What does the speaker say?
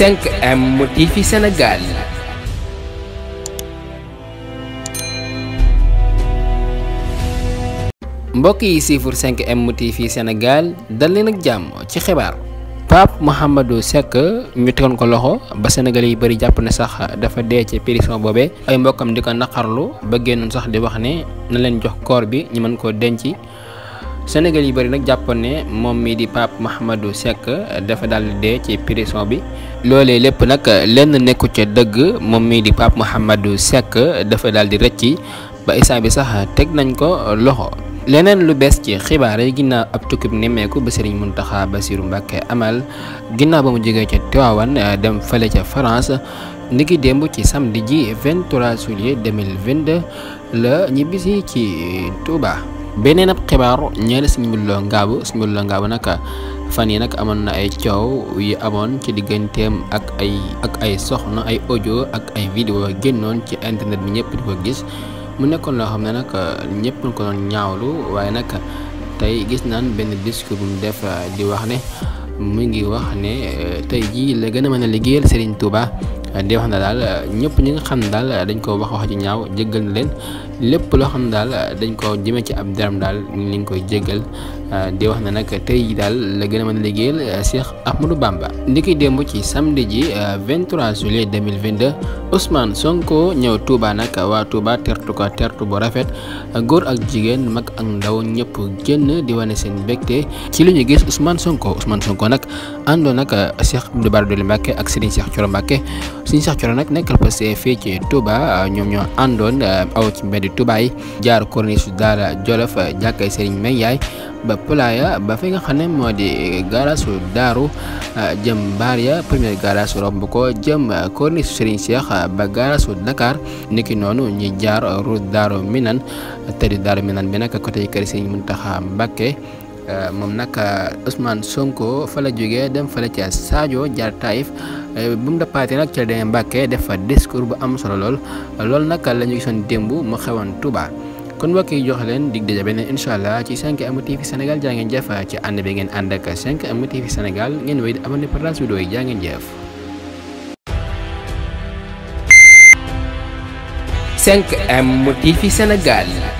5M TV Sénégal mbokk yi siifur 5M TV Sénégal dal leen ak jàmm ci xibaar Pape Mouhamadou Seck ñu tegoon ko loxo ba senegal yi bari jàpp ne sax dafa dee ci prison boobe ay mbokkam di ko naqarlu ba génnoon sax di wax ne leen jox koor bi ñu mën koo denc Sénégal yi bëri nag jàppoon ne moom mii di Pape Mahamadou Seck dafa daal di dee ci prison bi loole lépp nag lenn nekku ca dëgg moom mii di Pape Mahamadou Seck dafa daal di rëcci ba instant bi sax teg nañ ko loxo. leneen lu bees ci xibaar yi ginnaaw ab tukkib nemmeeku ba Serigne Mountakha Bassirou Mbacké amal ginnaaw ba mu jógee ca Tivaouane dem fële ca France niki démb ci samedi ji 23 juillet 2022 la ñibbisi ci Touba. beneen ab xibaar ñeel Serigne Modou Lo Ngabou Serigne nag fan yi nag amoon na ay coow yi amoon ci digganteem ak ay ak ay soxna ay audio ak ay vidéo génnoon ci internet bi ñëpp di ko gis mu nekkoon loo xam ne nag ñëpp ñu ko doon ñaawlu waaye nag tey gis naan benn discours bu def ah, di wax ne mu ngi wax ne eh, tey jii la gën a mën a liggéeyal Serigne Touba di wax ne daal ñëpp ñi nga xam ne daal dañ ko wax wax ci ñaaw jéggal na leen lépp loo xam ne daal dañ ko jëmee ci ab deram daal ñu ngi koy jéggal euh, di wax na nag tey jii daal la gën a mën a liggéeyal euh, Cheikh Ahmadou Bamba ndi koy démb ci samedi ji 23 euh, juillet 2022 Ousmane Sonko ñëw Touba nag waa Touba tertu ko tertu bu rafet góor ak jigéen mag ak ndaw ñëpp génn di wane seen mbégte ci li ñu gis Ousmane Sonko Ousmane Sonko nag àndoon nag Cheikh Abdou Bara Dolly Mbacké ak Serigne seex Thioro Mbacké Serigne Cheikh Thioro nag nekkal fa fii ci Touba ñoom ñoo àndoon aw ci mbedd jumaay tubaay jaar corniche daara jolof jàkkay sëriñ may yaay ba playa ba fi nga xam ne moo di garasu daaru jëm mbaar ya premier garas romb ko jëm corniche sëriñ Seex ba garasu Dakar niki noonu ñi jaar route daaru minan te di daaru minan bi nag côté kër sëriñ Muntaxa Mbàkke Euh, moom nag euh, Ousmane Sonko fa la jógee dem fa la ca Sadio jaar Taïf euh, bu mu dappaatee nag ca demee Mbàkke def fa discours bu am solo lool loolu nag la ñu gisoon démb mu xewoon Touba. kon mbokk yi jox leen dig daje beneen incha allah ci 5M Sénégal jaa ngeen jëf ci ànd bi ngeen ànd ak 5M TV Sénégal ngeen wéy di abonné partage vidéo yi jaa ngeen jëf. 5M TV